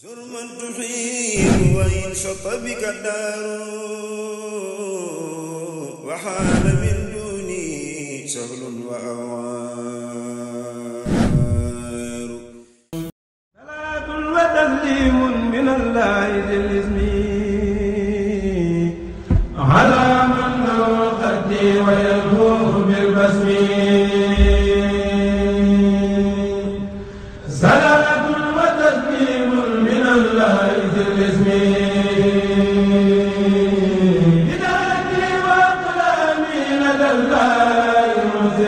زرما تحيل وإن شط بك الدار وحال من دوني شغل وأوان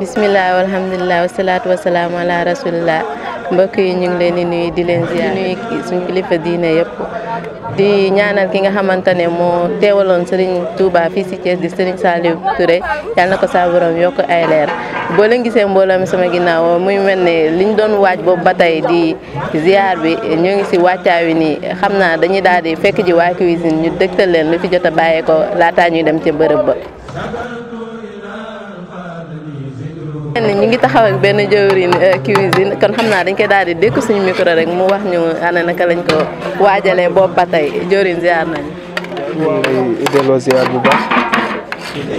bisimilah walhamdulilah wasalaatu wasalaamu ala rasulillah mbokk yi ñu ngi leen di nuyu di leen ziar di nuyu suñu kilifa diine yëpp. di ñaanal ki nga xamante ne moo teewaloon Serigne Touba fii si Thiès di Serigne Saliou Touré yàlla na ko saa yokk ay leer boo leen gisee mbooloo mi sama ginnaaw muy mel ne liñ doon waaj boobu ba tey di ziar bi ñoo ngi si wàccaa wi nii xam naa dañuy daal di fekk ji waa cuisine ñu dëgtal leen lu fi jot a bàyyee ko laataa ñuy dem ca bërëb ba. ñu ngi taxaw ak benn jëwriñ euh, cuisine kon xam naa dañ koy daal di dékk suñu micro rek mu wax ñu ana naka lañ ko waajalee boobu ba tey jëwriñ ziar nañu. ñu delloo ziar bu baax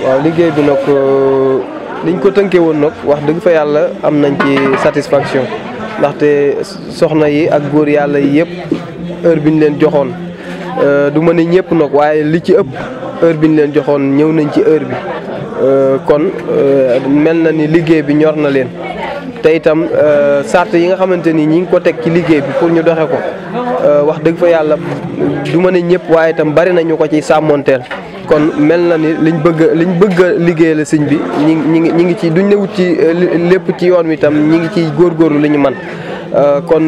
waaw liggéey bi nag liñ euh, ko tënkee woon nag wax dëgg fa yàlla am nañ ci satisfaction ndaxte soxna yi ak góor yàlla yi yëpp heure bi ñu leen joxoon euh, du ma ne ñëpp nag waaye li ci ëpp heure bi ñu leen joxoon ñëw nañ ci heure bi. Euh, kon euh, mel na ni liggéey bi ñor na leen te itam euh, sart yi nga xamante ni ñi ngi ko teg ci liggéey bi pour ñu doxe ko wax dëgg fa yàlla du ma ne ñëpp waaye itam bari nañu ko ci sàmmonteel kon mel na ni liñ bëgg liñ bëgg a la sëñ bi ñi ngi ñi ngi ñi ngi ci duñ ne wut ci lépp ci yoon wi itam ñi ngi ciy góorgóorlu li ñu man kon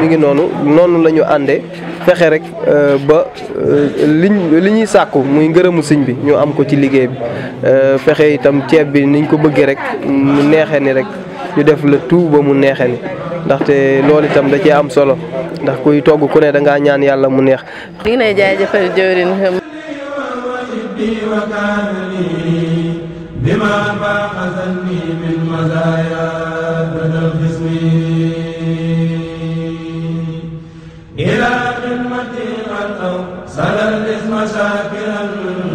mi ngi noonu noonu la ñu àndee fexe rek euh, ba euh, liñ li ñuy sàkku muy ngërëmu sëñ bi ñu am ko ci liggéey bi euh, fexe itam ceeb bi niñ ko bëggee rek mu neexee ni rek ñu def la tout ba mu neexee ni ndaxte lool itam da cee am solo ndax kuy togg ku ne da ngaa ñaan yàlla mu neex. di nga jaajëfal jëwrin بما فاق ذنبي من مزايا بدا الخزي وشاكرا